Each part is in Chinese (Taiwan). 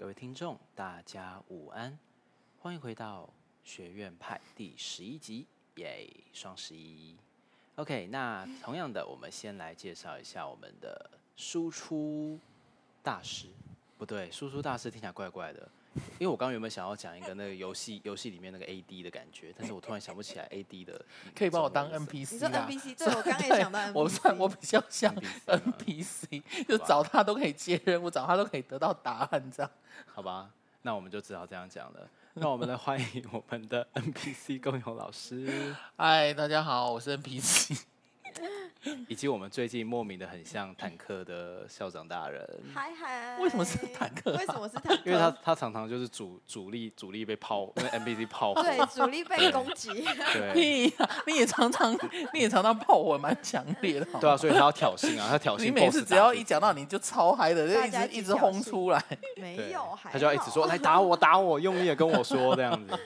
各位聽眾，大家午安，歡迎回到《學院派》第十一集耶，雙十一。OK，那同樣的，我們先來介紹一下我們的輸出大師，不對，輸出大師聽起來怪怪的。因為我剛剛原本想要講一個那個遊戲 遊戲裡面那個 A D 的感覺，但是我突然想不起來 A D 的，可以把我當 N P C 你說 N P C，對我剛剛也想到 N P C，我算我比較像 N P C，嗎就找他都可以接任務，找 他都可以得到答案，這樣。好吧，那我們就只好這樣講了。那我們來歡迎我們的 N P C 工友老師。 嗨，大家好，我是 N P C。以及我們最近莫名的很像坦克的校長大人，嗨嗨 Hi hi，啊，為什麼是坦克？為什麼是坦克？因為他他常常就是主主力主力被炮，因為 MBC 炮火對主力被攻擊，對你，你也常常你也常常炮火蠻強烈的好不好，對啊，所以他要挑釁啊，他挑釁。你每次只要一講到你就超嗨的，就一直一,一直轟出來，沒有，他就要一直說來打我打我，用力的跟我說這樣子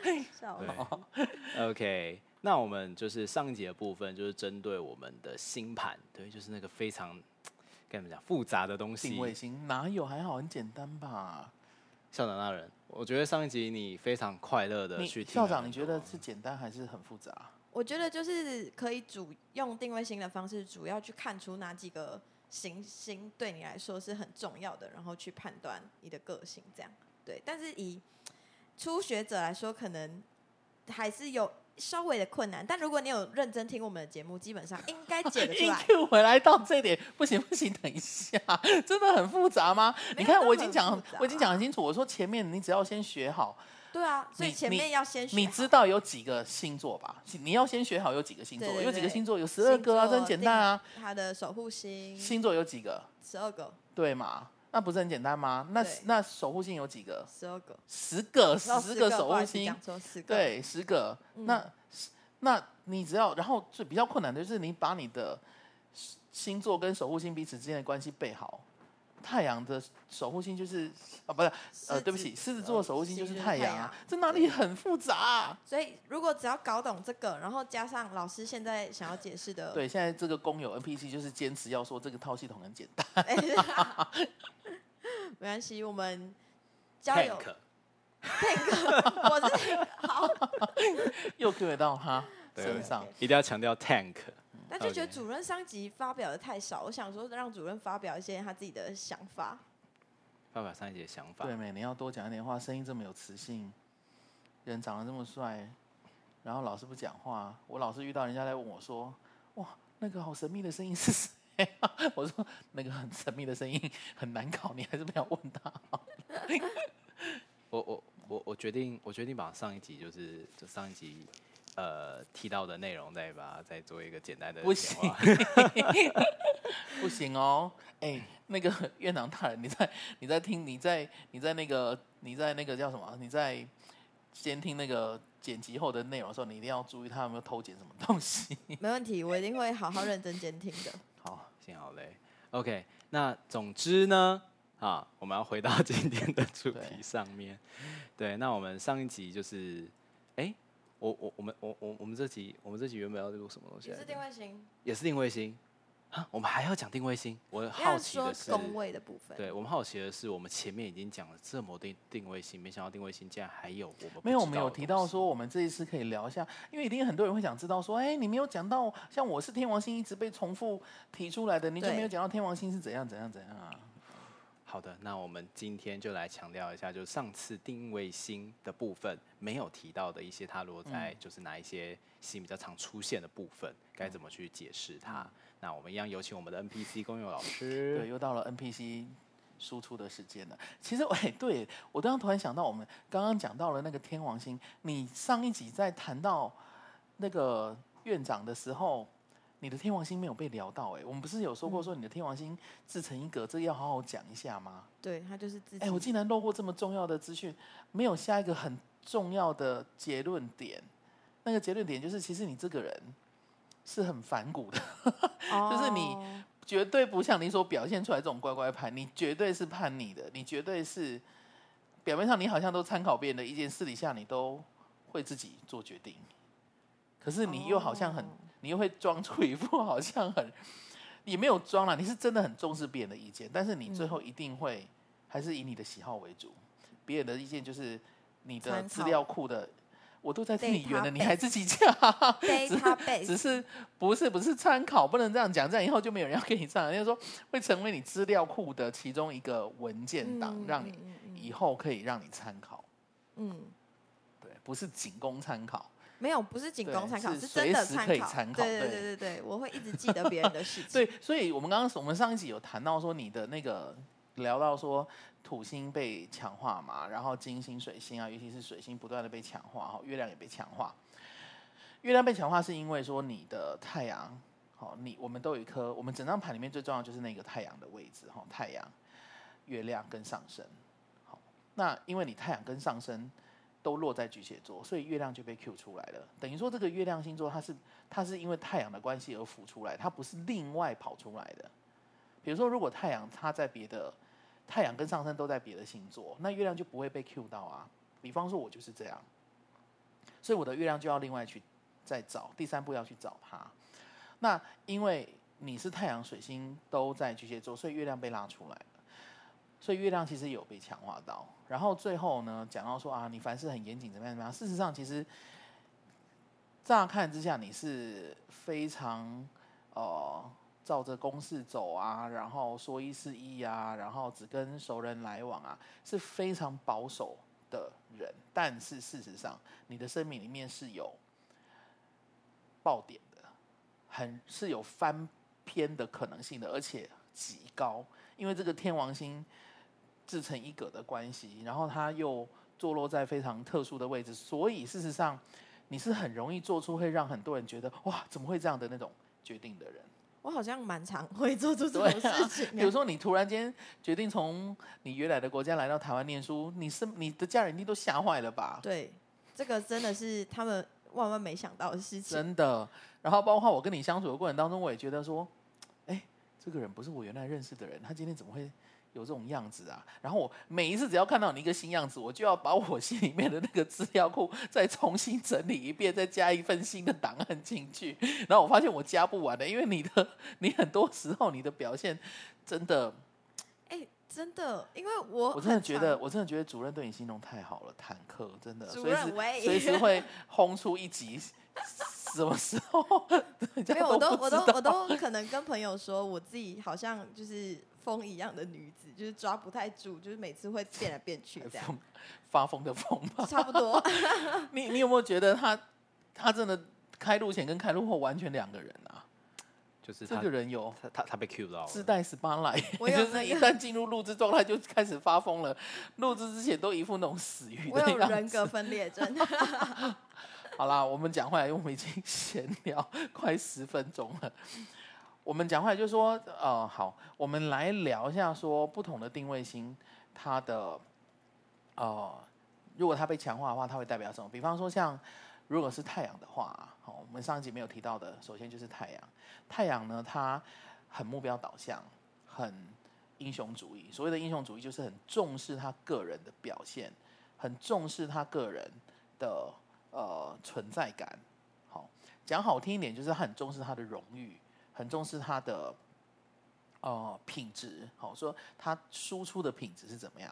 ，OK。那我們就是上一集的部分，就是針對我們的星盤，對，就是那個非常跟你們講複雜的東西。定位星哪有還好，很簡單吧？校長大人，我覺得上一集你非常快樂地去聽你。校長，你覺得是簡單還是很複雜？我覺得就是可以主用定位星的方式，主要去看出哪幾個行星對你來說是很重要的，然後去判斷你的個性這樣。對，但是以初學者來說，可能還是有。稍微的困難，但如果你有認真聽我們的節目，基本上應該解得出來。啊 e Q、回來到這一點不行不行，等一下，真的很複雜嗎？有你看我已經講，啊、我已經講很清楚。我說前面你只要先學好。對啊，所以前面要先學好。學你，你知道有幾個星座吧？你要先學好有幾個星座？對對對，有幾個星座，有十二個啊？座真簡單啊？他的守護星。星座有幾個？十二個。對嘛？那不是很簡單嗎？對那那守護星有幾個？十二個，十個，十、哦、個、個守護星，對，十個。嗯、那那你只要，然後最比較困難的就是你把你的星座跟守護星彼此之間的關係背好。太陽的守護星就是啊，不是呃，對不起，獅子座的守護星就是太陽啊。這哪裡很複雜，啊？所以如果只要搞懂這個，然後加上老師現在想要解釋的，對，現在這個公有 NPC 就是堅持要說這個套系統很簡單。 沒關係，我們加油。Tank, tank，我是 tank? 好， 又對到他身上，一定要強調 Tank。嗯、Okay. 但就覺得主任上集發表的太少，我想說讓主任發表一些他自己的想法。發表上集的想法，對，每年要多講一點話，聲音這麼有磁性，人長得這麼帥，然後老是不講話，我老是遇到人家在問我說，哇，那個好神秘的聲音是什麼？ 我說那個很神秘的聲音很難搞，你還是不要問他 我我我我決定，我決定把上一集就是就上一集呃提到的內容再把再做一個簡單的。不行哦，哎、欸，那個院長大人，你在你在聽你在你在那個你在那個叫什麼？你在監聽那個剪輯後的內容的時候，你一定要注意他有沒有偷剪什麼東西。 沒問題，我一定會好好認真監聽的。好嘞，OK。那總之呢，啊，我們要回到今天的主題上面。對,對，那我們上一集就是，哎、欸，我我我們我我我們這集我們這集原本要錄什麼東西？也是定位星，也是定位星。我們還要講定位星，我好奇的是，對，我們好奇的是，我們前面已經講了這麼定定位星，沒想到定位星竟然還有我們沒有，沒有提到說，我們這一次可以聊一下，因為一定很多人會想知道說，哎，你沒有講到，像我是天王星，一直被重複提出來的，你就沒有講到天王星是怎樣怎樣怎樣啊？好的，那我們今天就來強調一下，就是上次定位星的部分沒有提到的一些，它落在就是哪一些星比較常出現的部分，該怎麼去解釋它。那我們一樣有請我們的 NPC 公用老師。對，又到了 NPC 輸出的時間了。其實，也、欸、對我剛剛突然想到，我們剛剛講到了那個天王星，你上一集在談到那個院長的時候，你的天王星沒有被聊到、欸。哎，我們不是有說過說你的天王星自成一格，這要好好講一下嗎？對，他就是自己。哎、欸，我竟然漏過這麼重要的資訊，沒有下一個很重要的結論點。那個結論點就是，其實你這個人，是很反骨的， 就是你絕對不像你所表現出來這種乖乖牌，你絕對是叛逆的，你絕對是表面上你好像都參考別人的意見，私底下你都會自己做決定。可是你又好像很，你又會裝出一副好像很，也沒有裝啦，你是真的很重視別人的意見，但是你最後一定會還是以你的喜好為主，別人的意見就是你的資料庫的。我都在聽你原的，你還自己叫。只是不是不是參考，不能這樣講，這樣以後就沒有人要跟你唱。就是說，會成為你資料庫的其中一個文件檔，讓你以後可以讓你參考。嗯，對，不是僅供參考。沒有，不是僅供參考，是隨時可以參考。對對對對對，我會一直記得別人的事情。對，所以我們剛剛我們上一集有談到說，你的那個聊到說。土星被強化嘛，然後金星、水星啊，尤其是水星不斷的被強化，然後月亮也被強化。月亮被強化是因為說你的太陽，好，你我們都有一顆，我們整張盤裡面最重要就是那個太陽的位置，哈，太陽、月亮跟上升，好，那因為你太陽跟上升都落在巨蟹座，所以月亮就被 Q 出來了。等於說這個月亮星座它是它是因為太陽的關係而浮出來，它不是另外跑出來的。比如說如果太陽它在別的。太陽跟上升都在別的星座，那月亮就不會被 cue 到啊。比方說，我就是這樣，所以我的月亮就要另外去再找第三步要去找它。那因為你是太陽、水星都在巨蟹座，所以月亮被拉出來了，所以月亮其實有被強化到。然後最後呢，講到說啊，你凡事很嚴謹，怎麼樣怎麼樣，事實上，其實乍看之下，你是非常哦。呃照着公式走啊，然後說一是一啊，然後只跟熟人來往啊，是非常保守的人。但是事實上，你的生命裡面是有爆點的，很是有翻篇的可能性的，而且極高。因為這個天王星自成一格的關係，然後它又坐落在非常特殊的位置，所以事實上你是很容易做出會讓很多人覺得哇，怎麼會這樣的那種決定的人。我好像蠻常會做出這種事情。對好比如說，你突然間決定從你原來的國家來到台灣念書，你是你的家人一定都嚇壞了吧？對，這個真的是他們萬萬沒想到的事情。 真的，然後包括我跟你相處的過程當中，我也覺得說，哎，這個人不是我原來認識的人，他今天怎麼會？有這種樣子啊！然後我每一次只要看到你一個新樣子，我就要把我心裡面的那個資料庫再重新整理一遍，再加一份新的檔案進去。然後我發現我加不完的、欸，因為你的你很多時候你的表現真的，哎、欸，真的，因為我我真的覺得我真的覺得主任對你心中太好了，坦克真的，我也隨時會轟出一集， 什麼時候？沒有，我都我都我都可能跟朋友說，我自己好像就是。瘋一樣的女子，就是抓不太住，就是每次會變來變去這樣，發瘋的瘋吧，差不多。 你你有沒有覺得他他真的開錄前跟開錄後完全兩個人啊？就是這個人有他他他被 Q 到我了，自帶 spiral，n l g 就是一旦進入錄製狀態就開始發瘋了。錄製之前都一副那種死魚，我有人格分裂症。 好啦，我們講回來，我們已經閒聊快十分鐘了。我們講話來就是說，呃，好，我們來聊一下說不同的定位星，它的，呃，如果它被強化的話，它會代表什麼？比方說，像如果是太陽的話，好，我們上一集沒有提到的，首先就是太陽。太陽呢，它很目標導向，很英雄主義。所謂的英雄主義，就是很重視他個人的表現，很重視他個人的呃存在感。好，講好聽一點，就是很重視他的榮譽。很重視它的，呃、品質，哦，品質，好，說它輸出的品質是怎麼樣？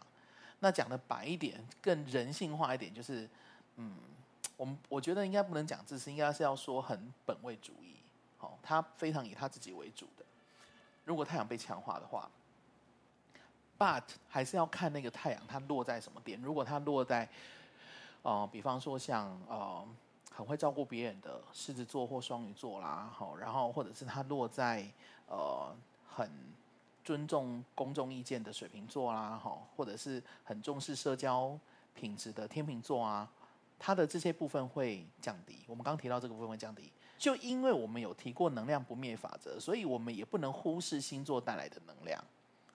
那講得白一點、更人性化一點，就是，嗯，我們我覺得應該不能講自私，應該是要說很本位主義，好、哦，他非常以他自己為主的。如果太陽被強化的話，but 還是要看那個太陽它落在什麼點。如果它落在，哦、呃，比方說像哦。呃很會照顧別人的獅子座或雙魚座啦，好，然後或者是他落在呃很尊重公眾意見的水瓶座啦，好，或者是很重視社交品質的天秤座啊，他的這些部分會降低。我們剛提到這個部分會降低，就因為我們有提過能量不滅法則，所以我們也不能忽視星座帶來的能量。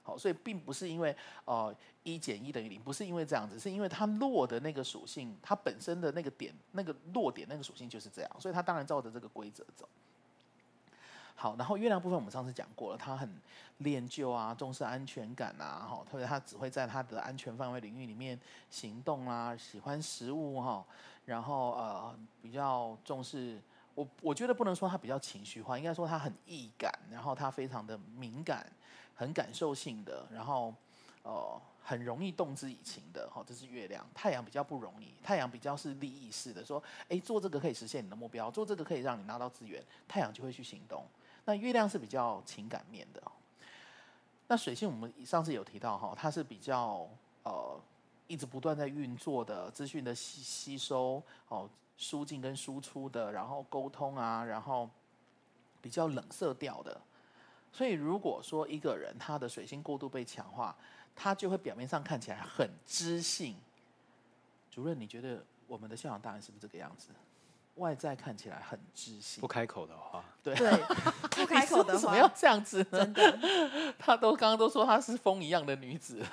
好，所以並不是因為，呃，一減一等於零，0, 不是因為這樣子，是因為它落的那個屬性，它本身的那個點，那個落點，那個屬性就是這樣，所以它當然照着這個規則走。好，然後月亮部分我們上次講過了，他很戀舊啊，重視安全感啊，哈，特別他只會在他的安全範圍領域裡面行動啊，喜歡食物哈、啊，然後呃，比較重視，我我覺得不能說他比較情緒化，應該說他很易感，然後他非常的敏感。很感受性的，然後呃很容易動之以情的，哈，這是月亮。太陽比較不容易，太陽比較是利益式的。說，誒，做這個可以實現你的目標，做這個可以讓你拿到資源，太陽就會去行動。那月亮是比較情感面的。那水星我們上次有提到哈，它是比較呃，一直不斷在運作的，資訊的吸吸收，哦，輸進跟輸出的，然後溝通啊，然後比較冷色調的。所以，如果說一個人他的水星過度被強化，他就會表面上看起來很知性。主任，你覺得我們的校長大人是不是這個樣子？外在看起來很知性，不開口的話，對，不開口的怎 麼要這樣子呢？真的，他都剛剛都說他是風一樣的女子，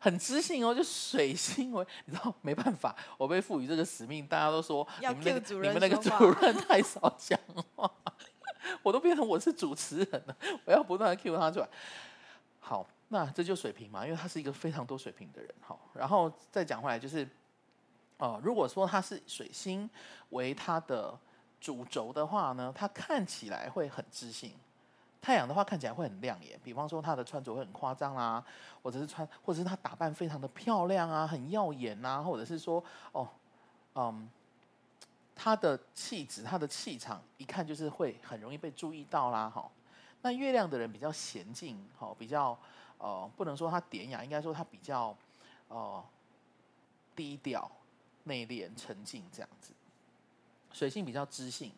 很知性哦，就水星為。你知道，沒辦法，我被賦予這個使命，大家都說你們、那個，要 cue 主任說話，你們那個主任太少講話。我都變成我是主持人了，我要不斷的 cue 他出來。好，那這就是水瓶嘛，因為他是一個非常多水瓶的人。好，然後再講回來，就是哦、呃，如果說他是水星為他的主軸的話呢，他看起來會很自信。太陽的話看起來會很亮眼。比方說他的穿着會很誇張啦，或者是穿，或者是他打扮非常的漂亮啊，很耀眼吶、啊，或者是說哦，嗯。他的氣質，他的氣場，一看就是會很容易被注意到啦，哈。那月亮的人比較嫻靜，哈，比較呃，不能說他典雅，應該說他比較呃低調、內斂、沉靜這樣子。水星比較知性，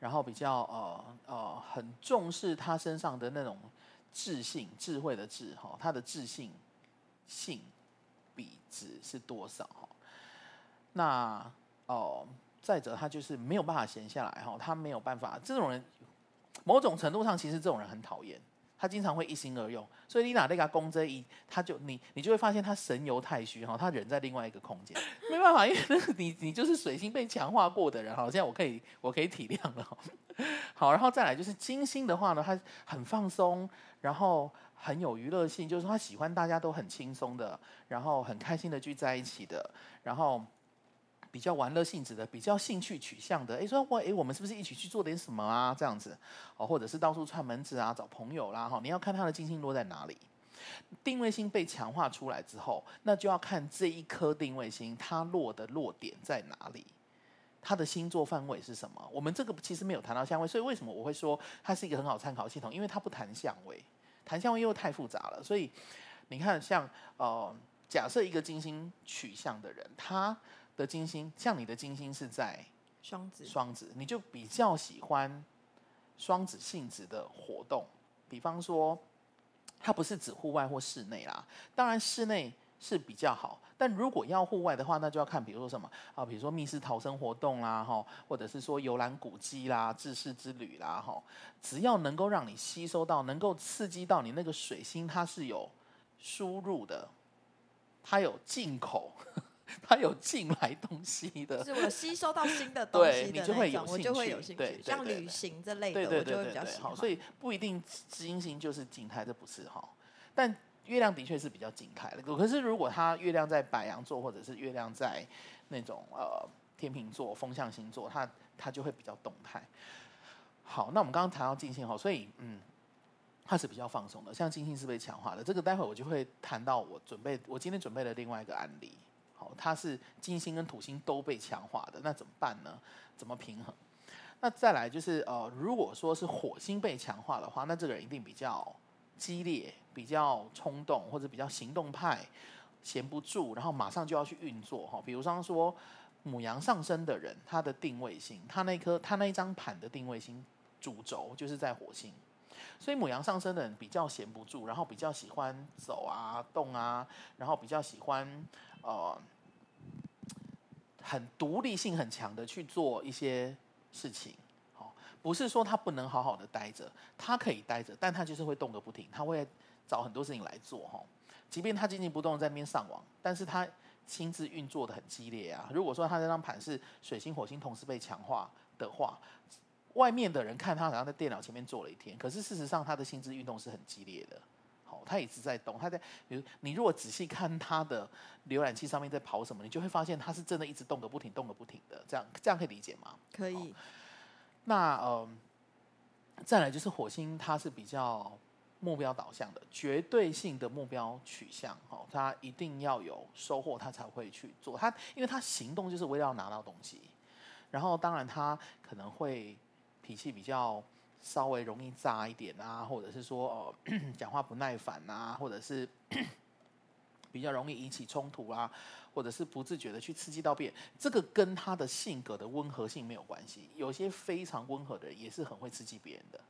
然後比較呃呃，很重視他身上的那種智性，智慧的智，哈。他的智性性比值是多少？哈，那、呃、哦。再者，他就是沒有辦法閒下來哈，他沒有辦法。這種人，某種程度上其實這種人很討厭。他經常會一心二用，所以你打那個公真一，他就你你就會發現他神遊太虛哈，他人在另外一個空間，沒辦法，因為你你就是水星被強化過的人，好，現在我可以我可以體諒了。好，然後再來就是金星的話呢，他很放鬆，然後很有娛樂性，就是他喜歡大家都很輕鬆的，然後很開心的聚在一起的，然後。比較玩樂性質的，比較興趣取向的，誒、欸，說我誒，我們是不是一起去做點什麼啊？這樣子，哦，或者是到處串門子啊，找朋友啦，哈，你要看他的金星落在哪裡，定位星被強化出來之後，那就要看這一顆定位星它落的落點在哪裡，它的星座範圍是什麼？我們這個其實沒有談到相位，所以為什麼我會說它是一個很好參考系統？因為它不談相位，談相位又太複雜了。所以你看像，像呃，假設一個金星取向的人，他。的金星像你的金星是在雙子，雙子你就比較喜歡雙子性質的活動，比方說它不是指戶外或室內啦，當然室內是比較好，但如果要戶外的話，那就要看比如說什麼啊，比如說密室逃生活動啦，或者是說遊覽古蹟啦、知識之旅啦，只要能夠讓你吸收到，能夠刺激到你那個水星，它是有輸入的，它有進口。它有進來東西的，是我吸收到新的東西的那種， 你就我就會有興趣。對對對對對，像旅行這類的我就會比較喜歡。好，所以不一定金星，星就是靜態，這不是哈。但月亮的確是比較靜態的。可是如果它月亮在白羊座，或者是月亮在那種呃天秤座、風象星座，它它就會比較動態。好，那我們剛剛談到金星哈，所以嗯，它是比較放鬆的，像金星是被強化的。這個待會我就會談到我準備我今天準備了另外一個案例。它是金星跟土星都被強化的，那怎麼辦呢？怎麼平衡？那再來就是呃，如果說是火星被強化的話，那這個人一定比較激烈、比較衝動，或者比較行動派，閒不住，然後馬上就要去運作哈、哦。比如說，上說牡羊上升的人，他的定位星，他那顆他那一張盤的定位星主軸就是在火星，所以牡羊上升的人比較閒不住，然後比較喜歡走啊、動啊，然後比較喜歡呃。很獨立性很強的去做一些事情，好，不是說他不能好好的待着，他可以待着，但他就是會動個不停，他會找很多事情來做哈。即便他靜靜不動在那邊上網，但是他心智運作的很激烈啊。如果說他這張盤是水星火星同時被強化的話，外面的人看他好像在電腦前面坐了一天，可是事實上他的心智運動是很激烈的。他它一直在動，它在，比如你如果仔細看它的瀏覽器上面在跑什麼，你就會發現它是真的一直動個不停，動個不停的，這樣這樣可以理解嗎？可以。哦，那，呃，再來就是火星，它是比較目標導向的，絕對性的目標取向，哦，它一定要有收穫，它才會去做。他因為它行動就是為了要拿到東西，然後當然它可能會脾氣比較。稍微容易炸一點啊，或者是說哦，講話不耐煩啊，或者是比較容易引起衝突啊，或者是不自覺的去刺激到別人，這個跟他的性格的溫和性沒有關係。有些非常溫和的人也是很會刺激別人的。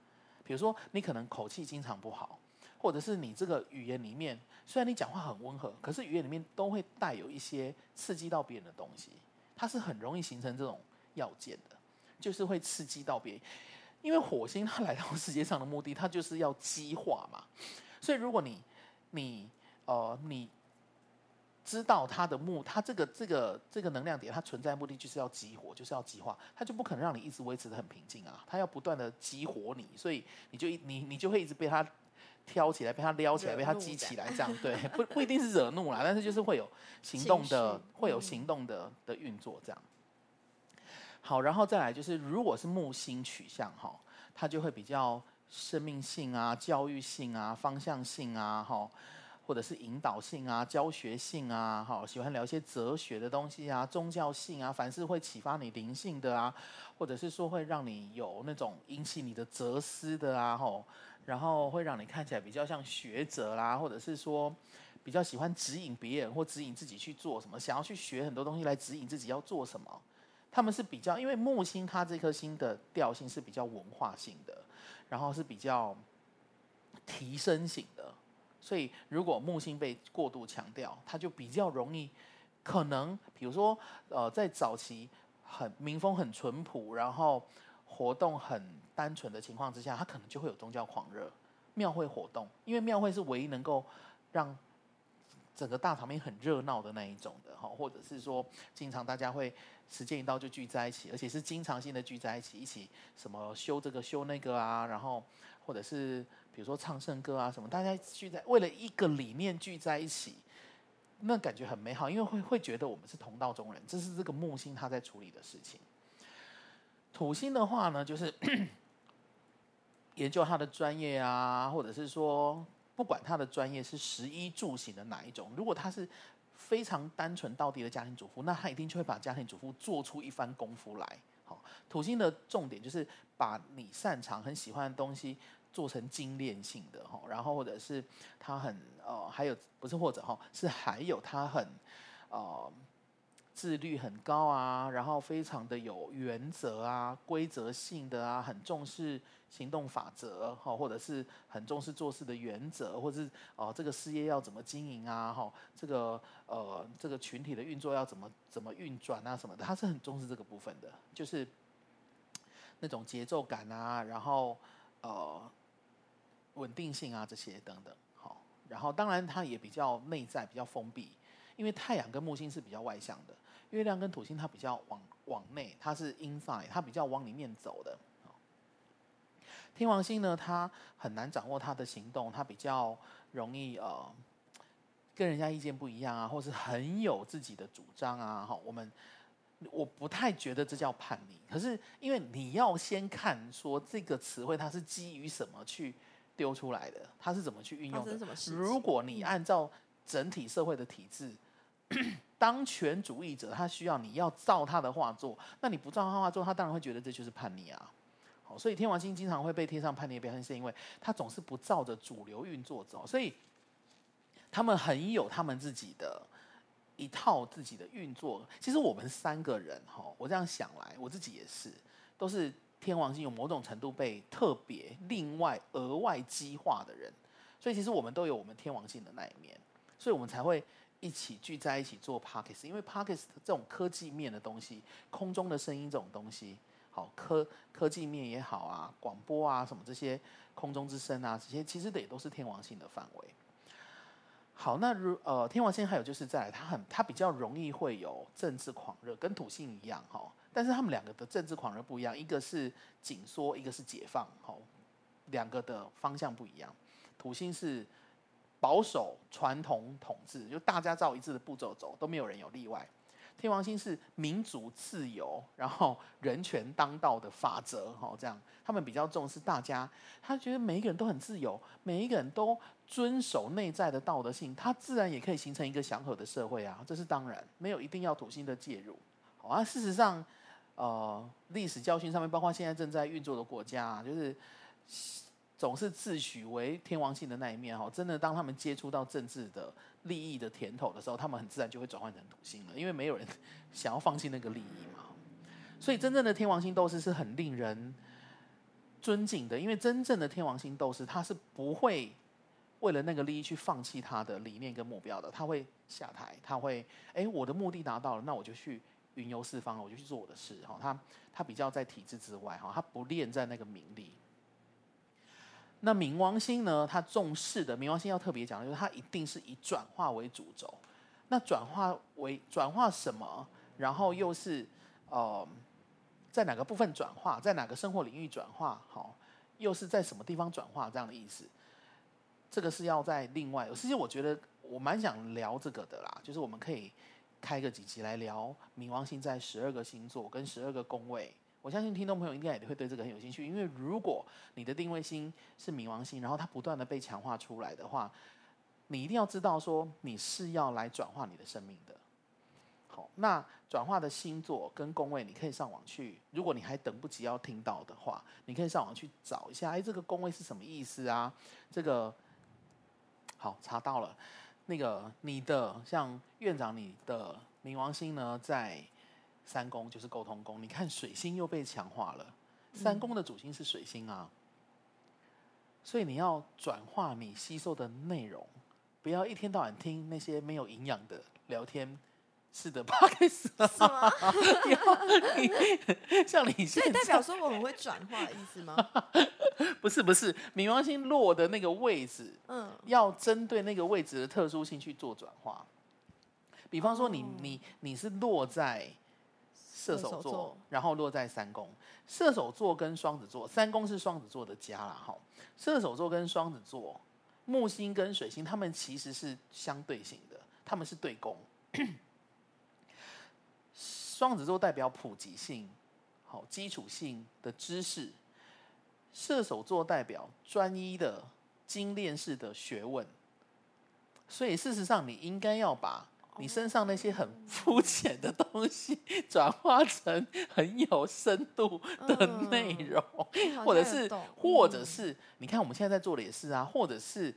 比如說，你可能口氣經常不好，或者是你這個語言裡面，雖然你講話很溫和，可是語言裡面都會帶有一些刺激到別人的東西，它是很容易形成這種要件的，就是會刺激到別人。因為火星它來到世界上的目的，它就是要激化嘛。所以如果你你呃你知道它的目，它這個這個這個能量點，它存在的目的就是要激活，就是要激化，它就不可能讓你一直維持的很平靜啊。它要不斷的激活你，所以你就一你你就會一直被它挑起來，被它撩起來，被它激起來，起來這樣對。不不一定是惹怒啦，但是就是會有行動的，會有行動的的運作這樣。好，然後再來就是，如果是木星取向哈，它就會比較生命性啊、教育性啊、方向性啊哈，或者是引導性啊、教學性啊哈，喜歡聊一些哲學的東西啊、宗教性啊，凡是會啟發你靈性的啊，或者是說會讓你有那種引起你的哲思的啊哈，然後會讓你看起來比較像學者啦、啊，或者是說比較喜歡指引別人或指引自己去做什麼，想要去學很多東西來指引自己要做什麼。他們是比較，因為木星它這顆星的調性是比較文化性的，然後是比較提升型的，所以如果木星被過度強調，它就比較容易，可能比如說，呃，在早期很民風很淳樸，然後活動很單純的情況之下，它可能就會有宗教狂熱、廟會活動，因為廟會是唯一能夠讓。整個大場面很熱鬧的那一種的，哈，或者是說，經常大家會時間一到就聚在一起，而且是經常性的聚在一起，一起什麼修這個修那個啊，然後或者是比如說唱聖歌啊什麼，大家聚在為了一個理念聚在一起，那感覺很美好，因為會會覺得我們是同道中人，這是這個木星他在處理的事情。土星的話呢，就是 研究他的專業啊，或者是說。不管他的專業是食衣住行的哪一種，如果他是非常單純到底的家庭主婦，那他一定就會把家庭主婦做出一番功夫來。好，土星的重點就是把你擅長、很喜歡的東西做成精煉性的，然後或者是他很還有不是，或者是還有他很、呃自律很高啊，然後非常的有原則啊，規則性的啊，很重視行動法則，好，或者是很重視做事的原則，或者是哦、呃、這個事業要怎麼經營啊，好，這個呃這個群體的運作要怎麼怎麼運轉啊什麼的，他是很重視這個部分的，就是那種節奏感啊，然後呃穩定性啊這些等等，好，然後當然他也比較內在，比較封閉。因為太陽跟木星是比較外向的，月亮跟土星它比較往往內，它是 inside 它比較往裡面走的哦。天王星呢，它很難掌握它的行動，它比較容易呃跟人家意見不一樣啊，或是很有自己的主張啊。哈、哦，我們我不太覺得這叫叛逆，可是因為你要先看說這個詞彙它是基於什麼去丟出來的，它是怎麼去運用的。啊、如果你按照整體社會的體制。嗯 當權主義者，他需要你要照他的話做，那你不照他話做，他當然會覺得這就是叛逆啊。好，所以天王星經常會被貼上叛逆標籤，是因為他總是不照着主流運作走，所以他們很有他們自己的一套自己的運作。其實我們三個人哈，我這樣想來，我自己也是，都是天王星有某種程度被特別另外額外激化的人，所以其實我們都有我們天王星的那一面，所以我們才會。一起聚在一起做 Podcast，因為 Podcast 這種科技面的東西，空中的聲音這種東西，好科科技面也好啊，廣播啊什麼這些空中之聲啊，這些其實的也都是天王星的範圍。好，那如呃天王星還有就是在它很它比較容易會有政治狂熱，跟土星一樣哈、哦，但是他們兩個的政治狂熱不一樣，一個是緊縮，一個是解放，哈、哦，兩個的方向不一樣。土星是。保守傳統統治，就大家照一致的步驟走，都沒有人有例外。天王星是民主自由，然後人權當道的法則，哈，這樣他們比較重視大家，他覺得每一個人都很自由，每一個人都遵守內在的道德性，他自然也可以形成一個祥和的社會啊，這是當然，沒有一定要土星的介入。好啊，事實上，呃，歷史教訓上面，包括現在正在運作的國家啊，就是。總是自詡為天王星的那一面真的，當他們接觸到政治的利益的甜頭的時候，他們很自然就會轉換成土星了，因為沒有人想要放棄那個利益嘛。所以，真正的天王星鬥士是很令人尊敬的，因為真正的天王星鬥士，他是不會為了那個利益去放棄他的理念跟目標的。他會下台，他會，哎、欸，我的目的達到了，那我就去雲遊四方，我就去做我的事哈。他他比較在體制之外哈，他不戀在那個名利。那冥王星呢？它重視的，冥王星要特別講的，就是它一定是以轉化為主軸。那轉化為轉化什麼？然後又是呃，在哪個部分轉化，在哪個生活領域轉化？好、哦，又是在什麼地方轉化？這樣的意思。這個是要在另外。其實我覺得我蠻想聊這個的啦，就是我們可以開個幾集來聊冥王星在十二個星座跟十二個宮位。我相信聽眾朋友應該也會對這個很有興趣，因為如果你的定位星是冥王星，然後它不斷的被強化出來的話，你一定要知道說你是要來轉化你的生命的。好，那轉化的星座跟宮位，你可以上網去。如果你還等不及要聽到的話，你可以上網去找一下。哎，這個宮位是什麼意思啊？這個好查到了，那個你的像院長，你的冥王星呢在。三宮就是溝通宮，你看水星又被強化了。三宮的主星是水星啊，嗯、所以你要轉化你吸收的內容，不要一天到晚聽那些沒有營養的聊天式的、啊、是的 Podcast 像你，所以代表說我很會轉化的意思嗎？ 不是不是，冥王星落的那個位置，嗯，要針對那個位置的特殊性去做轉化。比方說你，哦、你你你是落在。射手座，然後落在三宮。射手座跟雙子座，三宮是雙子座的家啦。好，射手座跟雙子座，木星跟水星，他們其實是相對性的，他們是對宮。雙子座代表普及性，好基礎性的知識；射手座代表專一的精煉式的學問。所以事實上，你應該要把。你身上那些很膚淺的東西，轉化成很有深度的內容，或者是，或者是，你看我們現在在做的也是啊，或者是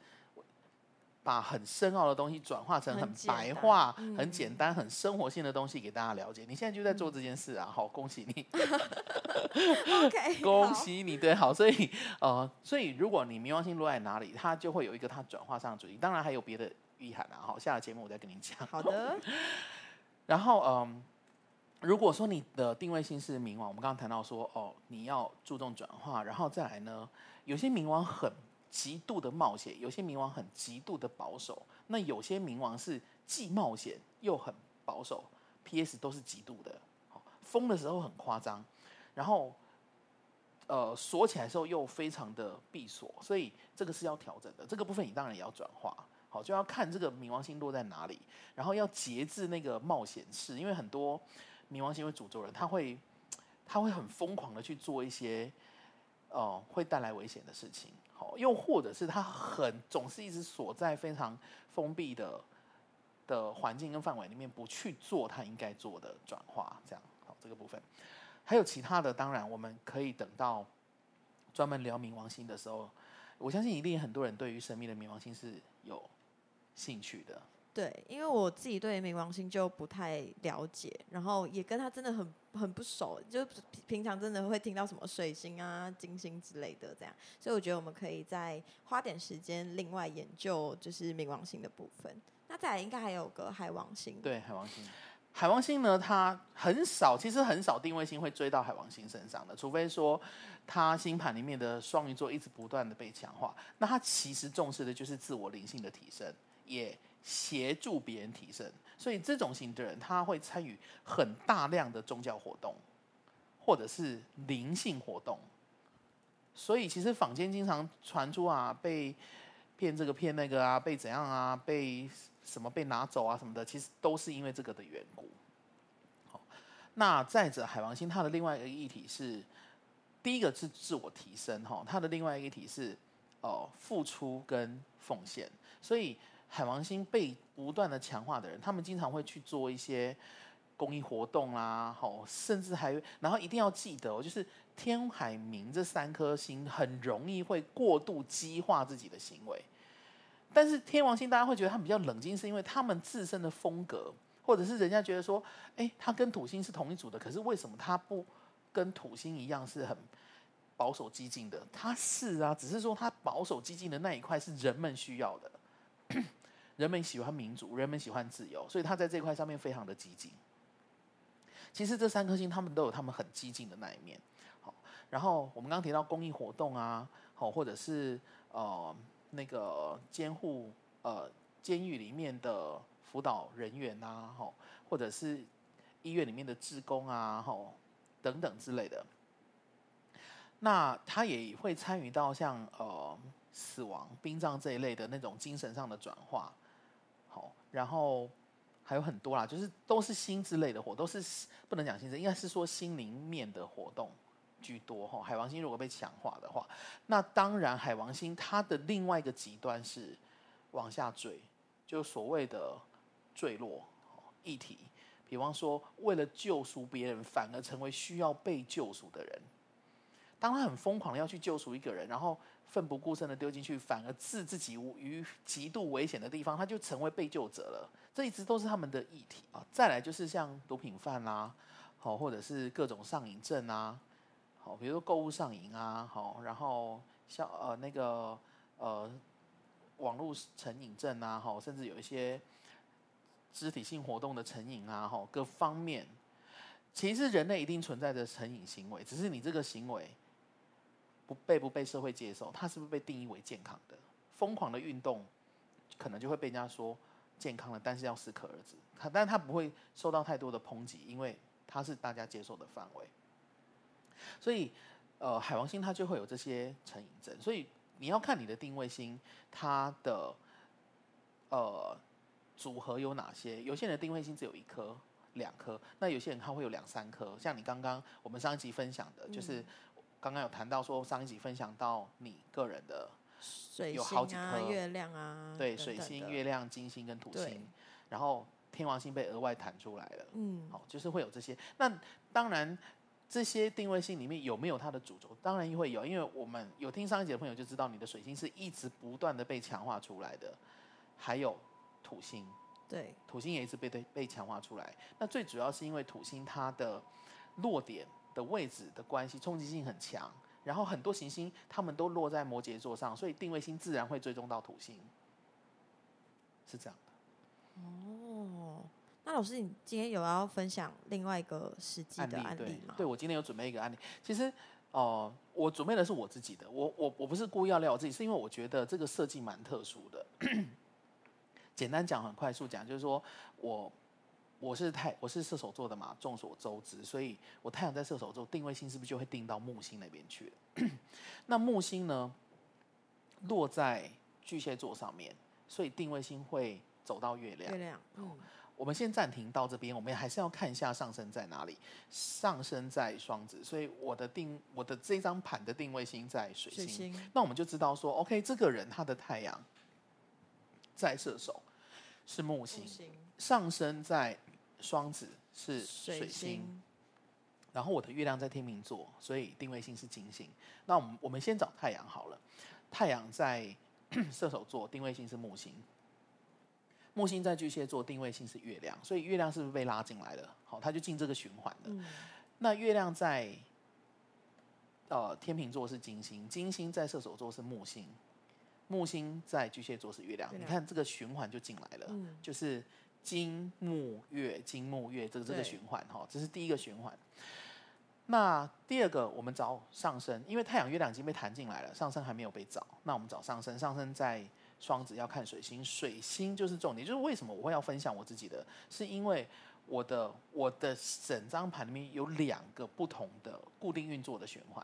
把很深奧的東西轉化成很白話、很簡單、很生活性的東西給大家了解。你現在就在做這件事啊，好，恭喜你， Okay, 好 恭喜你，對，好，所以，呃，所以如果你冥王星落在哪裡，它就會有一個它轉化上的主題，當然還有別的。厲害了，啊，好，下了節目我再跟你講。好的。 然後，嗯，如果說你的定位星是冥王，我們剛剛談到說，哦，你要注重轉化，然後再來呢，有些冥王很極度的冒險，有些冥王很極度的保守，那有些冥王是既冒險又很保守，P.S. 都是極度的，瘋，哦、的時候很誇張，然後，呃，鎖起來的時候又非常的閉鎖，所以這個是要調整的，這個部分你當然也要轉化。好，就要看這個冥王星落在哪裡，然後要節制那個冒險是，因為很多冥王星會詛咒人，他會，他會很瘋狂的去做一些，哦、呃，會帶來危險的事情。好，又或者是他很總是一直鎖在非常封閉的的環境跟範圍裡面，不去做他應該做的轉化。這樣，好，這個部分還有其他的，當然我們可以等到專門聊冥王星的時候，我相信一定很多人對於神秘的冥王星是有興趣的對，因為我自己對冥王星就不太了解，然後也跟他真的很很不熟，就平常真的會聽到什麼水星啊、金星之類的這樣，所以我覺得我們可以再花點時間，另外研究就是冥王星的部分。那再來應該還有個海王星，對，海王星，海王星呢，它很少，其實很少定位星會追到海王星身上的，除非說它星盤裡面的雙魚座一直不斷的被強化，那它其實重視的就是自我靈性的提升。也協助別人提升，所以這種型的人他會參與很大量的宗教活動，或者是靈性活動。所以其實坊間經常傳出啊，被騙這個騙那個啊，被怎樣啊，被什麼被拿走啊什麼的，其實都是因為這個的緣故。好，那再者，海王星它的另外一個議題是，第一個是自我提升哈，它的另外一個議題是哦，付出跟奉獻，所以。海王星被不斷的強化的人，他們經常會去做一些公益活動啦，好，甚至還然後一定要記得、哦，就是天海冥這三顆星很容易會過度激化自己的行為。但是天王星，大家會覺得他比較冷靜，是因為他們自身的風格，或者是人家覺得說，哎、欸，他跟土星是同一組的，可是為什麼他不跟土星一樣是很保守激進的？他是啊，只是說他保守激進的那一塊是人們需要的。 人們喜歡民主，人們喜歡自由，所以他在這塊上面非常的激進。其實這三顆星，他們都有他們很激進的那一面。好，然後我們剛提到公益活動啊，好，或者是呃那個監護呃監獄裡面的輔導人員吶，好，或者是醫院裡面的志工啊，好，等等之類的。那他也會參與到像呃死亡、殯葬這一類的那種精神上的轉化。然後還有很多啦，就是都是心之類的活，都是不能講心聲，應該是說心靈面的活動居多哈。海王星如果被強化的話，那當然海王星它的另外一個極端是往下墜，就所謂的墜落議題。比方說，為了救贖別人，反而成為需要被救贖的人。當他很瘋狂的要去救贖一個人，然後奮不顧身的丟進去，反而置自己於極度危險的地方，他就成為被救者了。這一直都是他們的議題啊、哦。再來就是像毒品犯啊，好、哦，或者是各種上癮症啊，好、哦，比如說購物上癮啊，好、哦，然後像呃那個呃網絡成癮症啊，好、哦，甚至有一些肢體性活動的成癮啊，好、哦，各方面，其實人類一定存在着成癮行為，只是你這個行為。不被不被社會接受，它是不是被定義為健康的？瘋狂的運動，可能就會被人家說健康了，但是要適可而止。它，但它不會受到太多的抨擊，因為它是大家接受的範圍。所以，呃，海王星它就會有這些成癮症。所以你要看你的定位星，它的呃組合有哪些？有些人定位星只有一顆、兩顆，那有些人他會有兩三顆。像你剛剛我們上一集分享的，嗯、就是。剛剛有談到說，上一集分享到你個人的，有好幾顆、水星啊、月亮啊，對，等等水星、月亮、金星跟土星，對然後天王星被額外彈出來了，嗯，好，就是會有這些。那當然，這些定位星裡面有沒有它的主軸？當然會有，因為我們有聽上一集的朋友就知道，你的水星是一直不斷的被強化出來的，還有土星，對，土星也一直被對被強化出來。那最主要是因為土星它的落點，的位置的關係，衝擊性很強，然後很多行星他們都落在摩羯座上，所以定位星自然會追蹤到土星，是這樣的。哦，那老師，你今天有要分享另外一個實際的案例嗎？案例，對，對，我今天有準備一個案例。其實，哦、呃，我準備的是我自己的，我我我不是故意要聊我自己，是因為我覺得這個設計蠻特殊的。 簡單講，很快速講，就是說我。我是太我是射手座的嘛，眾所周知，所以我太陽在射手座，定位星是不是就會定到木星那邊去了？ 那木星呢，落在巨蟹座上面，所以定位星會走到月亮。月亮，嗯。我們先暫停到這邊，我們還是要看一下上升在哪裡。上升在雙子，所以我的定我的這張盤的定位星在水星。水星。那我們就知道說，OK，這個人他的太陽在射手，是木星，木星。上升在。雙子是水星，水星，然後我的月亮在天秤座，所以定位星是金星。那我們我們先找太陽好了，太陽在射手座，定位星是木星，木星在巨蟹座，定位星是月亮，所以月亮是不是被拉進來了？好、哦，它就進這個循環了。嗯、那月亮在呃天秤座是金星，金星在射手座是木星，木星在巨蟹座是月亮。定位。你看這個循環就進來了，嗯、就是。金木月，金木月，這個這個循環哈，對這是第一個循環。那第二個我們找上升，因為太陽月亮已經被彈進來了，上升還沒有被找。那我們找上升，上升在雙子，要看水星，水星就是重點。就是為什麼我會要分享我自己的，是因為我的我的整張盤裡面有兩個不同的固定運作的循環。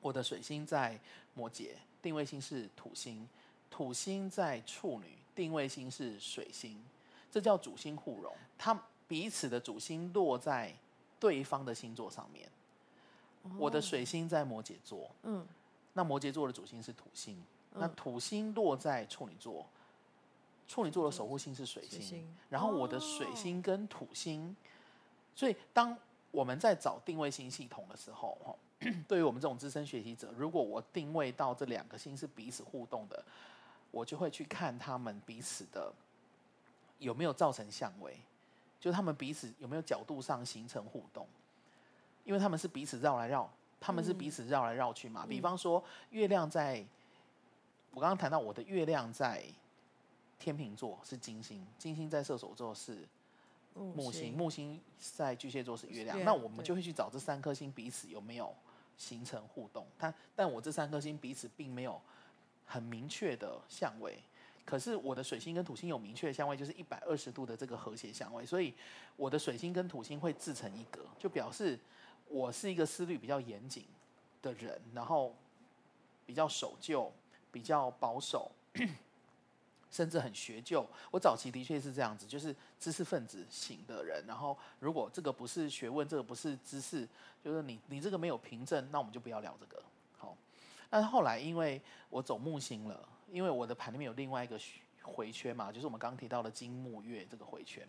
我的水星在摩羯，定位星是土星，土星在處女，定位星是水星。這叫主星互容，它彼此的主星落在對方的星座上面。我的水星在摩羯座，嗯，那摩羯座的主星是土星，那土星落在處女座，處女座的守護星是水星，然後我的水星跟土星，所以當我們在找定位星系統的時候，對於我們這種資深學習者，如果我定位到這兩個星是彼此互動的，我就會去看他們彼此的。有沒有造成相位？就他們彼此有沒有角度上形成互動？因為他們是彼此繞來繞，他們是彼此繞來繞去嘛。嗯、比方說，月亮在，我剛剛談到我的月亮在天秤座是金星，金星在射手座是木星，嗯、木星在巨蟹座是月亮。行那我們就會去找這三顆星彼此有沒有形成互動？它，但我這三顆星彼此並沒有很明確的相位。可是我的水星跟土星有明確的相位，就是一百二十度的這個和諧相位，所以我的水星跟土星會自成一格，就表示我是一個思慮比較嚴謹的人，然後比較守舊、比較保守， 甚至很學究，我早期的確是這樣子，就是知識分子型的人。然後如果這個不是學問，這個不是知識，就是你你這個沒有憑證，那我們就不要聊這個。好，但後來因為我走木星了。因為我的盤裡面有另外一個迴圈嘛，就是我們剛剛提到的金木月這個迴圈，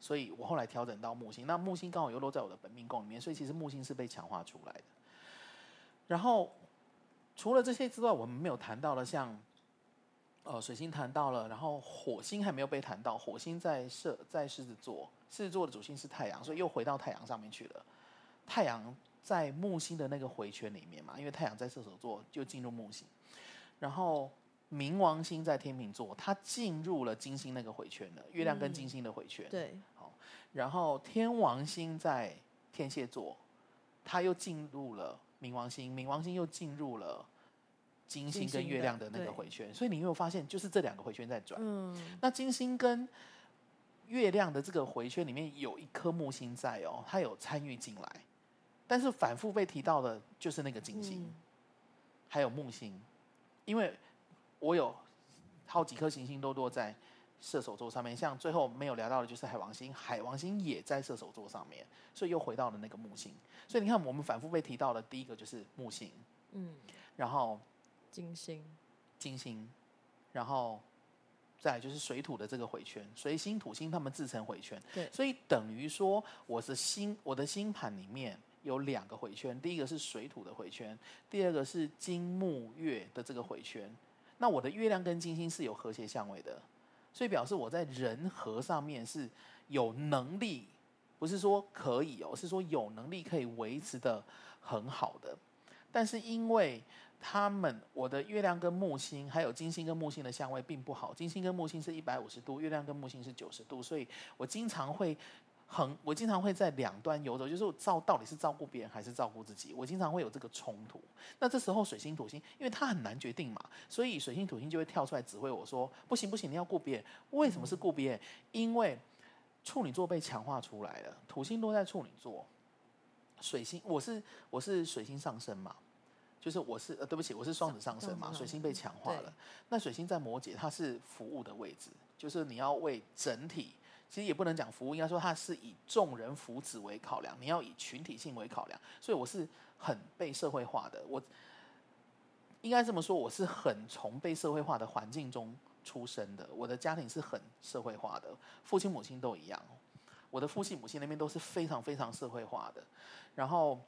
所以我後來調整到木星，那木星剛好又落在我的本命宮裡面，所以其實木星是被強化出來的。然後除了這些之外，我們沒有談到了像呃水星談到了，然後火星還沒有被談到，火星在射在獅子座，獅子座的主星是太陽，所以又回到太陽上面去了。太陽在木星的那個迴圈裡面嘛，因為太陽在射手座就進入木星，然後。冥王星在天秤座，它進入了金星那個迴圈了。月亮跟金星的迴圈，嗯，對，好。然後天王星在天蠍座，它又進入了冥王星，冥王星又進入了金星跟月亮的那個迴圈。所以你有沒有發現，就是這兩個迴圈在轉？嗯。那金星跟月亮的這個迴圈裡面有一顆木星在哦，它有參與進來，但是反復被提到的就是那個金星，嗯、還有木星，因為。我有好幾顆行星，星都落在射手座上面，像最後沒有聊到的，就是海王星，海王星也在射手座上面，所以又回到了那個木星。所以你看，我們反復被提到的，第一個就是木星，然後金星，金星，然後再就是水土的這個回圈，水星、土星他們自成回圈，對，所以等於說我的星，我的星盤裡面有兩個回圈，第一個是水土的回圈，第二個是金木月的這個回圈。那我的月亮跟金星是有和諧相位的，所以表示我在人和上面是有能力，不是說可以哦、喔，是說有能力可以維持得很好的。但是因為他們，我的月亮跟木星，還有金星跟木星的相位並不好，金星跟木星是一百五十度，月亮跟木星是九十度，所以我經常會。很，我經常會在兩端游走，就是我照到底是照顧別人還是照顧自己，我經常會有這個衝突。那這時候水星土星，因為它很難決定嘛，所以水星土星就會跳出來指揮我說：“不行不行，你要顧別人。”為什麼是顧別人？嗯、因為處女座被強化出來了，土星落在處女座，水星我是我是水星上升嘛，就是我是呃對不起我是雙子上升嘛，水星被強化了。對那水星在摩羯，它是服務的位置，就是你要為整體。其實也不能講服務，應該說它是以眾人福祉為考量，你要以群體性為考量。所以我是很被社會化的，我應該這麼說，我是很從被社會化的環境中出生的。我的家庭是很社會化的，父親母親都一樣。我的父親母親那邊都是非常非常社會化的。然後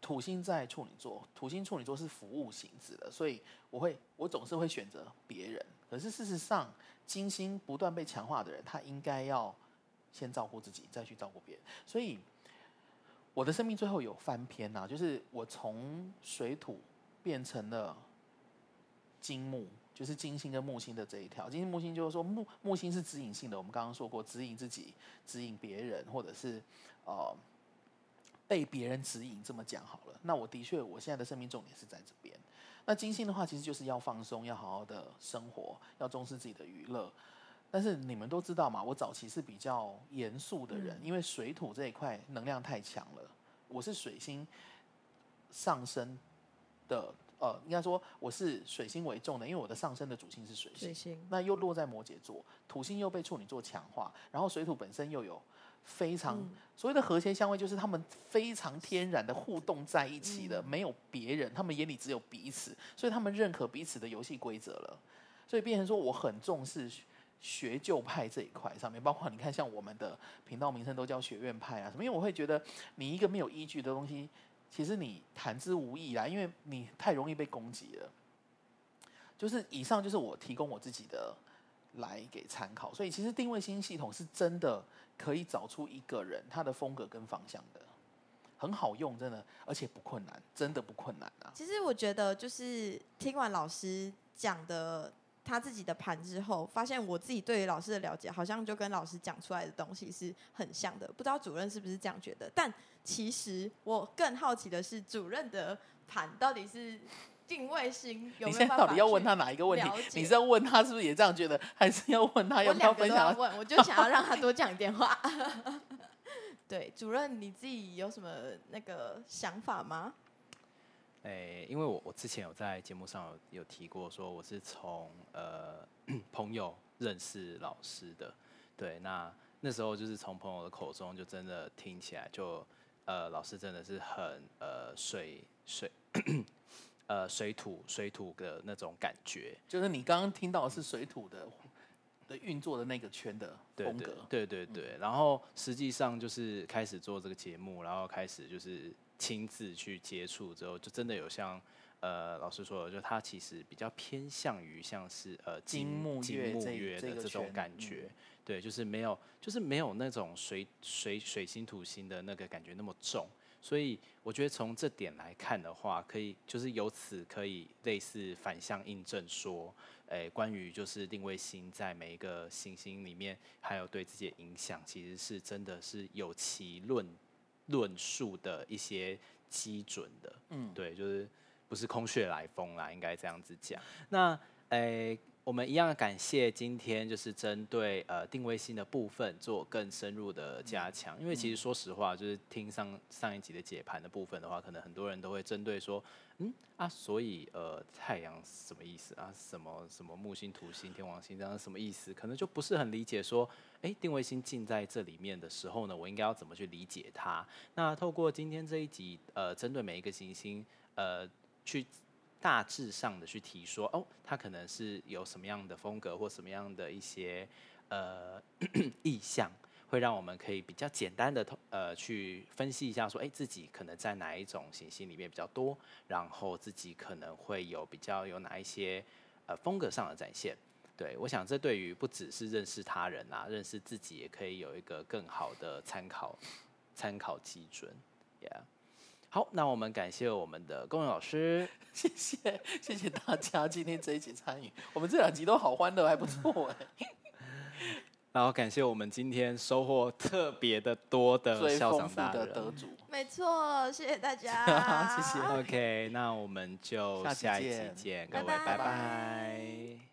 土星在處女座，土星處女座是服務性質的，所以我會我總是會選擇別人。可是事實上，金星不斷被強化的人，他應該要先照顧自己，再去照顧別人。所以，我的生命最後有翻篇吶、啊，就是我從水土變成了金木，就是金星跟木星的這一條。金星木星就是說木木星是指引性的，我們剛剛說過，指引自己，指引別人，或者是呃被別人指引，這麼講好了。那我的確，我現在的生命重點是在這邊。那金星的話，其實就是要放鬆，要好好的生活，要重視自己的娛樂。但是你們都知道嘛，我早期是比較嚴肅的人，因為水土這一塊能量太強了。我是水星上升的，呃，應該說我是水星為重的，因為我的上升的主星是水星。那又落在摩羯座，土星又被處女座強化，然後水土本身又有。非常所謂的和諧相位，就是他們非常天然的互動在一起的，沒有別人，他們眼裡只有彼此，所以他們認可彼此的遊戲規則了。所以，變成說我很重視學舊派這一塊上面，包括你看，像我們的頻道名稱都叫學院派啊什麼，因為我會覺得你一個沒有依據的東西，其實你談之無益啊，因為你太容易被攻擊了。就是以上就是我提供我自己的來給參考，所以其實定位新系統是真的。可以找出一個人他的風格跟方向的，很好用，真的，而且不困難，真的不困難啊！其實我覺得，就是聽完老師講的他自己的盤之後，發現我自己對於老師的了解，好像就跟老師講出來的東西是很像的。不知道主任是不是這樣覺得？但其實我更好奇的是，主任的盤到底是？定位性，有有，你現在到底要問他哪一個問題？解你是要問他是不是也這樣覺得，還是要問他要不要分享？問問，我就想要讓他多講一點話。 對，主任，你自己有什麼那個想法嗎？誒、欸，因為我我之前有在節目上有有提過，說我是從、呃、朋友認識老師的，對，那那時候就是從朋友的口中就真的聽起來就、呃、老師真的是很呃水水。睡睡 呃，水土水土的那種感覺，就是你剛剛聽到是水土的、嗯、的運作的那個圈的風格，對，對對對對。嗯、然後實際上就是開始做這個節目，然後開始就是親自去接觸之後，就真的有像呃老師說的，就他其實比較偏向於像是呃金木月金木月的這種感覺，嗯、對，就是沒有就是沒有那種水水水星土星的那個感覺那麼重。所以我覺得從這點來看的話，可以就是由此可以類似反向印證說，誒、欸，關於就是定位星在每一個行星裡面，還有對自己的影響，其實是真的是有其論論述的一些基準的，嗯，對，就是不是空穴來風啦，應該這樣子講。那誒。欸我們一樣感謝今天就是針對呃定位星的部分做更深入的加強，因為其實說實話，就是聽上上一集的解盤的部分的話，可能很多人都會針對說，嗯啊，所以呃太陽什麼意思啊？什麼什麼木星、土星、天王星這樣什麼意思？可能就不是很理解說，誒定位星進在這裡面的時候呢，我應該要怎麼去理解它？那透過今天這一集呃，針對每一個行星呃去。大致上的去提說，哦，他可能是有什麼樣的風格或什麼樣的一些呃 意向，會讓我們可以比較簡單的呃去分析一下，說，誒，自己可能在哪一種行星裡面比較多，然後自己可能會有比較有哪一些呃風格上的展現。對我想，這對於不只是認識他人啊，認識自己也可以有一個更好的參考參考基準，Yeah。好，那我們感謝我們的各位老師，謝謝謝謝大家今天這一集參與， 我們這兩集都好歡樂，還不錯哎。 然後感謝我們今天收穫特別的多的校長大人得主，嗯、沒錯，謝謝大家 好，謝謝。OK，那我們就下一期見，下期見各位，拜拜。拜拜拜拜。